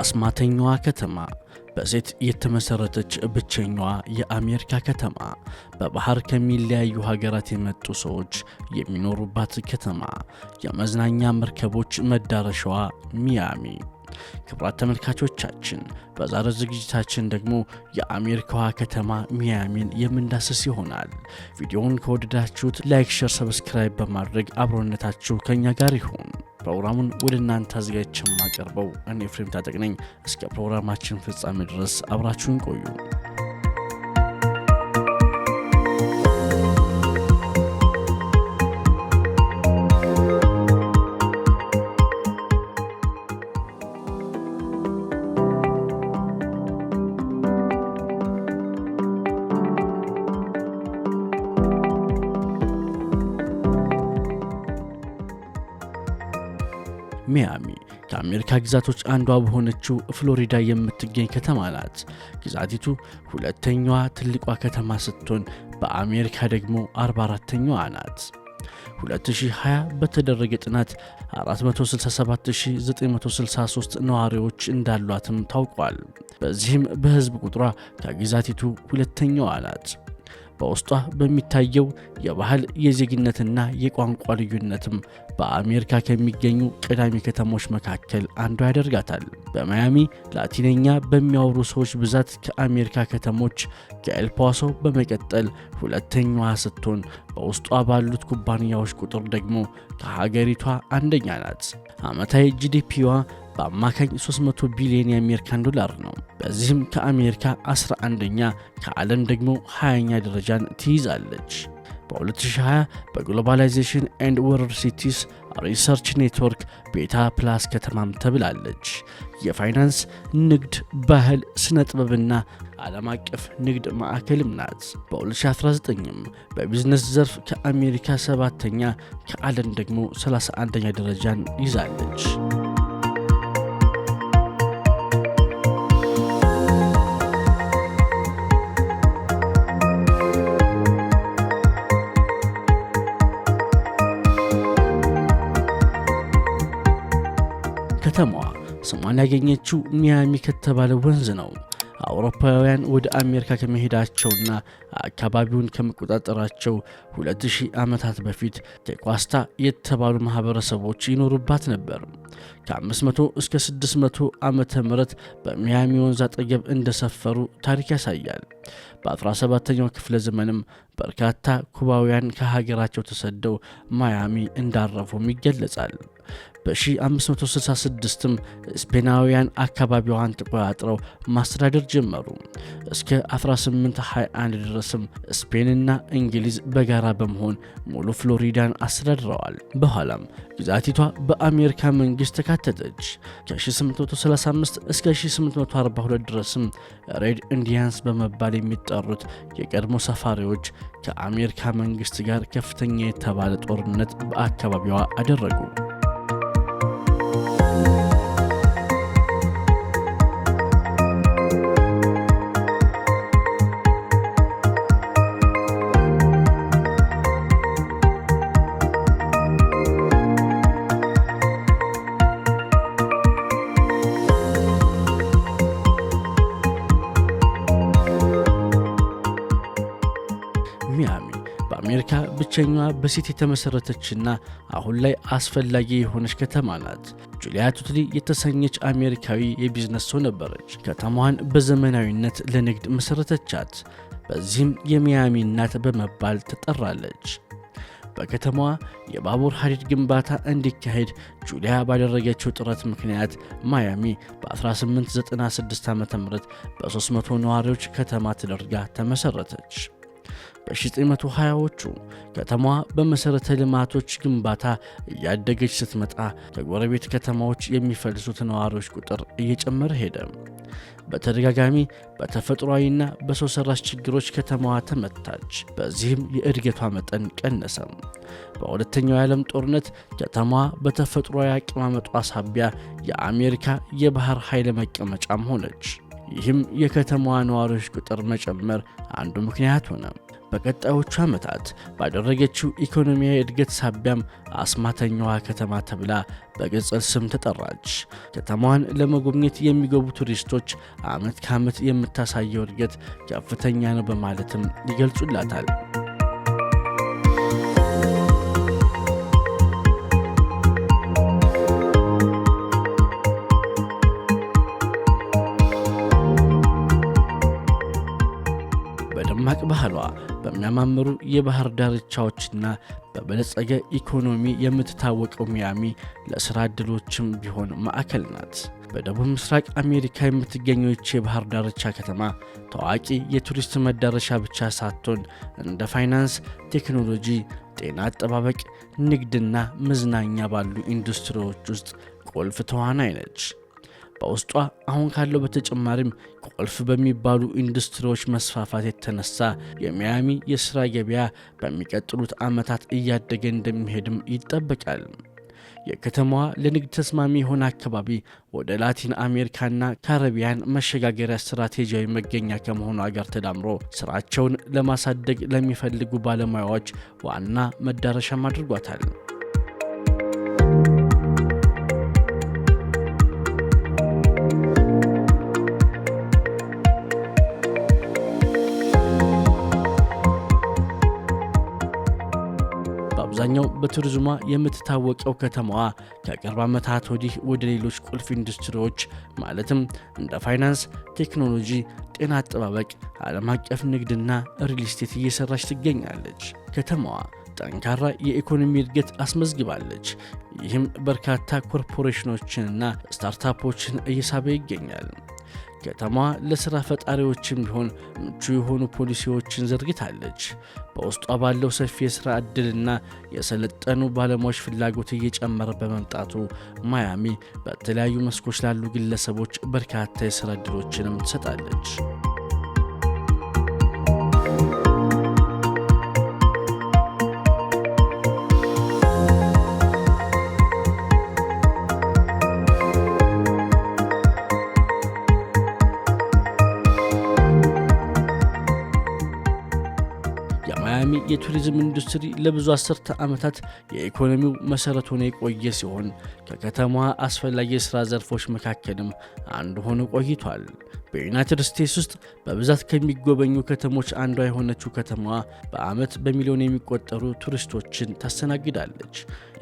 አስማተኛዋ ከተማ በሴት የተመሰረተች ብቸኛዋ የአሜሪካ ከተማ በባህር ከሚለያዩ ሀገራት የመጡ ሰዎች የሚኖሩባት ከተማ የመዝናኛ መርከቦች መዳረሻዋ ሚያሚ። ክቡራት ተመልካቾቻችን በዛሬው ዝግጅታችን ደግሞ የአሜሪካዋ ከተማ ሚያሚን የምንዳስስ ይሆናል። ቪዲዮውን ከወደዳችሁት ላይክ፣ ሸር፣ ሰብስክራይብ በማድረግ አብሮነታችሁ ከኛ ጋር ይሁን። ፕሮግራሙን ወደ እናንተ አዘጋጅቼ የማቀርበው እኔ ፍሬም ታጠቅ ነኝ። እስከ ፕሮግራማችን ፍጻሜ ድረስ አብራችሁን ቆዩ። ከአሜሪካ ግዛቶች አንዷ በሆነችው ፍሎሪዳ የምትገኝ ከተማ ናት። ግዛቲቱ ሁለተኛዋ ትልቋ ከተማ ስትሆን በአሜሪካ ደግሞ 44ተኛዋ ናት። 2020 በተደረገ ጥናት 467963 ነዋሪዎች እንዳሏትም ታውቋል። በዚህም በህዝብ ቁጥሯ ከግዛቲቱ ሁለተኛዋ ናት። በውስጧ በሚታየው የባህል የዜግነትና የቋንቋ ልዩነትም በአሜሪካ ከሚገኙ ቀዳሚ ከተሞች መካከል አንዷ ያደርጋታል። በማያሚ ላቲነኛ በሚያወሩ ሰዎች ብዛት ከአሜሪካ ከተሞች ከኤልፓሶ በመቀጠል ሁለተኛዋ ስትሆን በውስጧ ባሉት ኩባንያዎች ቁጥር ደግሞ ከሀገሪቷ አንደኛ ናት። ዓመታዊ ጂዲፒዋ በአማካኝ 300 ቢሊዮን የአሜሪካን ዶላር ነው። በዚህም ከአሜሪካ 11ኛ ከዓለም ደግሞ 20ኛ ደረጃን ትይዛለች። በ2020 በግሎባላይዜሽን ኤንድ ወርልድ ሲቲስ ሪሰርች ኔትወርክ ቤታ ፕላስ ከተማም ተብላለች። የፋይናንስ ንግድ፣ ባህል፣ ስነ ጥበብና ዓለም አቀፍ ንግድ ማዕከልም ናት። በ2019ም በቢዝነስ ዘርፍ ከአሜሪካ ሰባተኛ ከዓለም ደግሞ 31ኛ ደረጃን ይዛለች። ጣዕሟን ያገኘችው ሚያሚ ከተባለ ወንዝ ነው። አውሮፓውያን ወደ አሜሪካ ከመሄዳቸውና አካባቢውን ከመቆጣጠራቸው 200 ዓመታት በፊት ቴኳስታ የተባሉ ማህበረሰቦች ይኖሩባት ነበር። ከ500 እስከ 600 ዓመተ ምረት በሚያሚ ወንዝ አጠገብ እንደሰፈሩ ታሪክ ያሳያል። በ17ኛው ክፍለ ዘመንም በርካታ ኩባውያን ከሀገራቸው ተሰደው ማያሚ እንዳረፉም ይገለጻል። በ1566ም ስፔናውያን አካባቢዋን ተቆጣጥረው ማስተዳደር ጀመሩ። እስከ 1821 ድረስም ስፔንና እንግሊዝ በጋራ በመሆን ሙሉ ፍሎሪዳን አስተዳድረዋል። በኋላም ግዛቲቷ በአሜሪካ መንግስት ተካተተች። ከ1835 እስከ 1842 ድረስም ሬድ ኢንዲያንስ በመባል የሚጠሩት የቀድሞ ሰፋሪዎች ከአሜሪካ መንግስት ጋር ከፍተኛ የተባለ ጦርነት በአካባቢዋ አደረጉ። ብቸኛዋ በሴት የተመሠረተችና አሁን ላይ አስፈላጊ የሆነች ከተማ ናት። ጁሊያ ቱትሊ የተሰኘች አሜሪካዊ የቢዝነስ ሰው ነበረች። ከተማዋን በዘመናዊነት ለንግድ መሠረተቻት። በዚህም የሚያሚ እናት በመባል ትጠራለች። በከተማዋ የባቡር ሐዲድ ግንባታ እንዲካሄድ ጁሊያ ባደረገችው ጥረት ምክንያት ማያሚ በ1896 ዓ ም በ300 ነዋሪዎች ከተማ ተደርጋ ተመሠረተች። በ1920ዎቹ ከተማዋ በመሠረተ ልማቶች ግንባታ እያደገች ስትመጣ ከጎረቤት ከተማዎች የሚፈልሱት ነዋሪዎች ቁጥር እየጨመረ ሄደ። በተደጋጋሚ በተፈጥሯዊና በሰው ሰራሽ ችግሮች ከተማዋ ተመታች። በዚህም የእድገቷ መጠን ቀነሰ። በሁለተኛው የዓለም ጦርነት ከተማዋ በተፈጥሯዊ አቀማመጧ ሳቢያ የአሜሪካ የባህር ኃይል መቀመጫም ሆነች። ይህም የከተማዋ ነዋሪዎች ቁጥር መጨመር አንዱ ምክንያት ሆነ። በቀጣዮቹ ዓመታት ባደረገችው ኢኮኖሚያዊ እድገት ሳቢያም አስማተኛዋ ከተማ ተብላ በቅጽል ስም ተጠራች። ከተማዋን ለመጎብኘት የሚገቡ ቱሪስቶች ዓመት ከዓመት የምታሳየው እድገት ከፍተኛ ነው በማለትም ይገልጹላታል። ደማቅ ባህሏ በሚያማምሩ የባህር ዳርቻዎችና በበለጸገ ኢኮኖሚ የምትታወቀው ሚያሚ ለስራ ዕድሎችም ቢሆን ማዕከል ናት። በደቡብ ምስራቅ አሜሪካ የምትገኘው ይቺ የባህር ዳርቻ ከተማ ታዋቂ የቱሪስት መዳረሻ ብቻ ሳትሆን እንደ ፋይናንስ፣ ቴክኖሎጂ፣ ጤና አጠባበቅ፣ ንግድና መዝናኛ ባሉ ኢንዱስትሪዎች ውስጥ ቁልፍ ተዋናይ ነች። በውስጧ አሁን ካለው በተጨማሪም ቁልፍ በሚባሉ ኢንዱስትሪዎች መስፋፋት የተነሳ የሚያሚ የሥራ ገበያ በሚቀጥሉት ዓመታት እያደገ እንደሚሄድም ይጠበቃል። የከተማዋ ለንግድ ተስማሚ የሆነ አካባቢ ወደ ላቲን አሜሪካና ካረቢያን መሸጋገሪያ ስትራቴጂያዊ መገኛ ከመሆኑ ጋር ተዳምሮ ስራቸውን ለማሳደግ ለሚፈልጉ ባለሙያዎች ዋና መዳረሻም አድርጓታል። ሌላኛው በቱሪዝሟ የምትታወቀው ከተማዋ ከቅርብ ዓመታት ወዲህ ወደ ሌሎች ቁልፍ ኢንዱስትሪዎች ማለትም እንደ ፋይናንስ፣ ቴክኖሎጂ፣ ጤና አጠባበቅ፣ ዓለም አቀፍ ንግድና ሪልስቴት እየሰራች ትገኛለች። ከተማዋ ጠንካራ የኢኮኖሚ እድገት አስመዝግባለች። ይህም በርካታ ኮርፖሬሽኖችንና ስታርታፖችን እየሳበ ይገኛል። ከተማዋ ለሥራ ፈጣሪዎችም ቢሆን ምቹ የሆኑ ፖሊሲዎችን ዘርግታለች። በውስጧ ባለው ሰፊ የሥራ ዕድልና የሰለጠኑ ባለሙያዎች ፍላጎት እየጨመረ በመምጣቱ ማያሚ በተለያዩ መስኮች ላሉ ግለሰቦች በርካታ የሥራ ዕድሎችንም ትሰጣለች። የቱሪዝም ኢንዱስትሪ ለብዙ አስርተ ዓመታት የኢኮኖሚው መሠረት ሆኖ የቆየ ሲሆን ከከተማዋ አስፈላጊ የሥራ ዘርፎች መካከልም አንዱ ሆኖ ቆይቷል። በዩናይትድ ስቴትስ ውስጥ በብዛት ከሚጎበኙ ከተሞች አንዷ የሆነችው ከተማዋ በዓመት በሚሊዮን የሚቆጠሩ ቱሪስቶችን ታስተናግዳለች።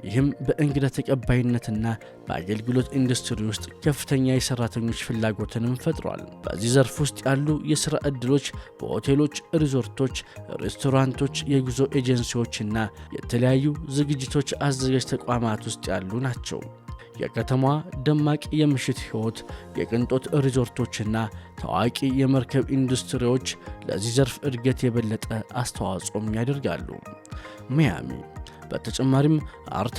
ይህም በእንግዳ ተቀባይነትና በአገልግሎት ኢንዱስትሪ ውስጥ ከፍተኛ የሰራተኞች ፍላጎትንም ፈጥሯል። በዚህ ዘርፍ ውስጥ ያሉ የሥራ ዕድሎች በሆቴሎች፣ ሪዞርቶች፣ ሬስቶራንቶች፣ የጉዞ ኤጀንሲዎችና የተለያዩ ዝግጅቶች አዘጋጅ ተቋማት ውስጥ ያሉ ናቸው። የከተማዋ ደማቅ የምሽት ሕይወት፣ የቅንጦት ሪዞርቶችና ታዋቂ የመርከብ ኢንዱስትሪዎች ለዚህ ዘርፍ እድገት የበለጠ አስተዋጽኦም ያደርጋሉ። ሚያሚ በተጨማሪም አርት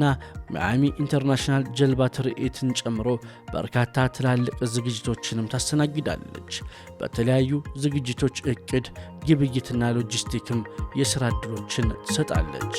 ና ሚያሚ ኢንተርናሽናል ጀልባ ትርኢትን ጨምሮ በርካታ ትላልቅ ዝግጅቶችንም ታስተናግዳለች። በተለያዩ ዝግጅቶች እቅድ፣ ግብይትና ሎጂስቲክም የሥራ ዕድሎችን ትሰጣለች።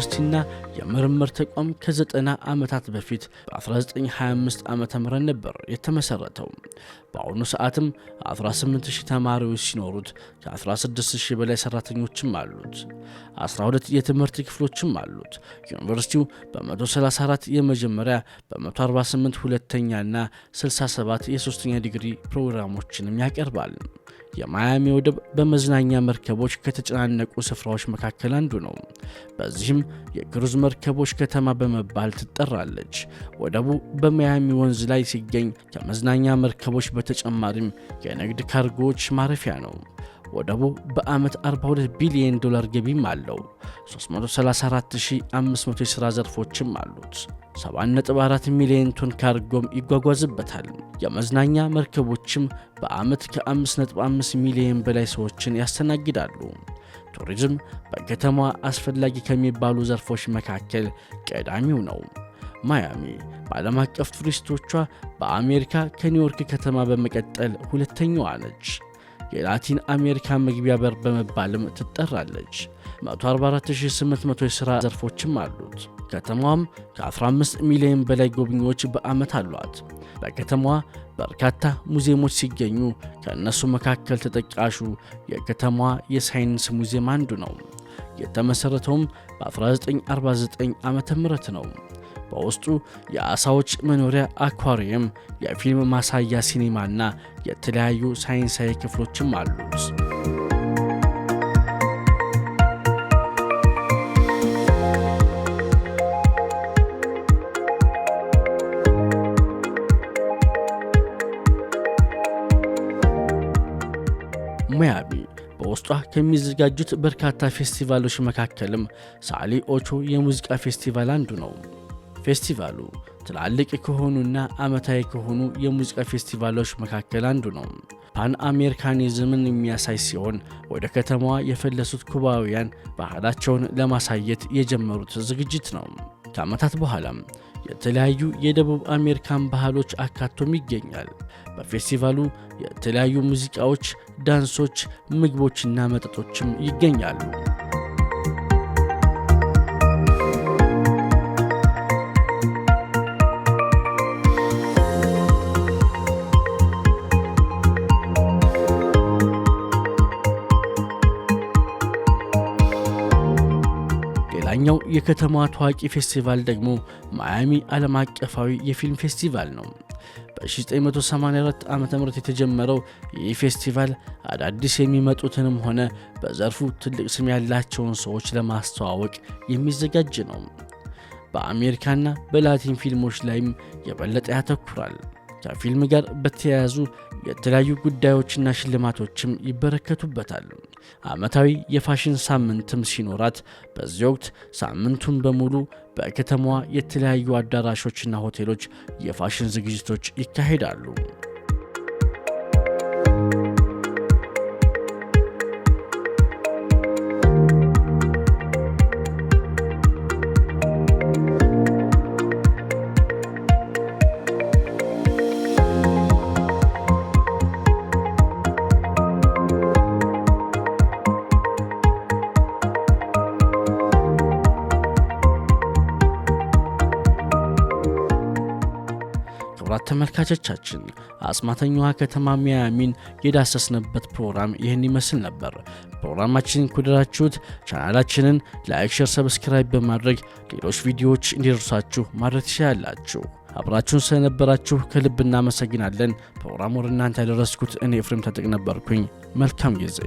ዩኒቨርሲቲና የምርምር ተቋም ከዘጠና ዓመታት በፊት በ1925 ዓ ም ነበር የተመሠረተው። በአሁኑ ሰዓትም 18000 ተማሪዎች ሲኖሩት ከ16000 በላይ ሠራተኞችም አሉት። 12 የትምህርት ክፍሎችም አሉት። ዩኒቨርሲቲው በ134 የመጀመሪያ፣ በ148 ሁለተኛና 67 የሶስተኛ ዲግሪ ፕሮግራሞችንም ያቀርባል። የማያሚ ወደብ በመዝናኛ መርከቦች ከተጨናነቁ ስፍራዎች መካከል አንዱ ነው። በዚህም የክሩዝ መርከቦች ከተማ በመባል ትጠራለች። ወደቡ በማያሚ ወንዝ ላይ ሲገኝ ከመዝናኛ መርከቦች በተጨማሪም የንግድ ካርጎዎች ማረፊያ ነው። ወደቡ በዓመት 42 ቢሊዮን ዶላር ገቢም አለው። 334500 የሥራ ዘርፎችም አሉት። 7.4 ሚሊዮን ቶን ካርጎም ይጓጓዝበታል። የመዝናኛ መርከቦችም በዓመት ከ5.5 ሚሊዮን በላይ ሰዎችን ያስተናግዳሉ። ቱሪዝም በከተማዋ አስፈላጊ ከሚባሉ ዘርፎች መካከል ቀዳሚው ነው። ማያሚ በዓለም አቀፍ ቱሪስቶቿ በአሜሪካ ከኒውዮርክ ከተማ በመቀጠል ሁለተኛዋ ነች። የላቲን አሜሪካ መግቢያ በር በመባልም ትጠራለች። 144800 የሥራ ዘርፎችም አሉት። ከተማዋም ከ15 ሚሊዮን በላይ ጎብኚዎች በዓመት አሏት። በከተማዋ በርካታ ሙዚየሞች ሲገኙ ከእነሱ መካከል ተጠቃሹ የከተማዋ የሳይንስ ሙዚየም አንዱ ነው። የተመሠረተውም በ1949 ዓ ም ነው። በውስጡ የአሳዎች መኖሪያ አኳሪየም፣ የፊልም ማሳያ ሲኒማና የተለያዩ ሳይንሳዊ ክፍሎችም አሉት። ሙያቢ በውስጧ ከሚዘጋጁት በርካታ ፌስቲቫሎች መካከልም ሳሊ ኦቾ የሙዚቃ ፌስቲቫል አንዱ ነው። ፌስቲቫሉ ትላልቅ ከሆኑና ዓመታዊ ከሆኑ የሙዚቃ ፌስቲቫሎች መካከል አንዱ ነው። ፓን አሜሪካኒዝምን የሚያሳይ ሲሆን ወደ ከተማዋ የፈለሱት ኩባውያን ባህላቸውን ለማሳየት የጀመሩት ዝግጅት ነው። ከዓመታት በኋላም የተለያዩ የደቡብ አሜሪካን ባህሎች አካቶም ይገኛል። በፌስቲቫሉ የተለያዩ ሙዚቃዎች፣ ዳንሶች፣ ምግቦችና መጠጦችም ይገኛሉ። የከተማዋ ታዋቂ ፌስቲቫል ደግሞ ማያሚ ዓለም አቀፋዊ የፊልም ፌስቲቫል ነው። በ1984 ዓ ም የተጀመረው ይህ ፌስቲቫል አዳዲስ የሚመጡትንም ሆነ በዘርፉ ትልቅ ስም ያላቸውን ሰዎች ለማስተዋወቅ የሚዘጋጅ ነው። በአሜሪካና በላቲን ፊልሞች ላይም የበለጠ ያተኩራል። ከፊልም ጋር በተያያዙ የተለያዩ ጉዳዮችና ሽልማቶችም ይበረከቱበታል። ዓመታዊ የፋሽን ሳምንትም ሲኖራት በዚህ ወቅት ሳምንቱን በሙሉ በከተማዋ የተለያዩ አዳራሾችና ሆቴሎች የፋሽን ዝግጅቶች ይካሄዳሉ። ተመልካቾቻችን አስማተኛዋ ከተማ ሚያሚን የዳሰስንበት ፕሮግራም ይህን ይመስል ነበር። ፕሮግራማችን ኩደራችሁት ቻናላችንን ላይክ፣ ሼር፣ ሰብስክራይብ በማድረግ ሌሎች ቪዲዮዎች እንዲደርሷችሁ ማድረግ ትችላላችሁ። አብራችሁን ስለነበራችሁ ከልብ እናመሰግናለን። ፕሮግራሙ ወደ እናንተ ያደረስኩት እኔ ፍሬም ተጠቅ ነበርኩኝ። መልካም ጊዜ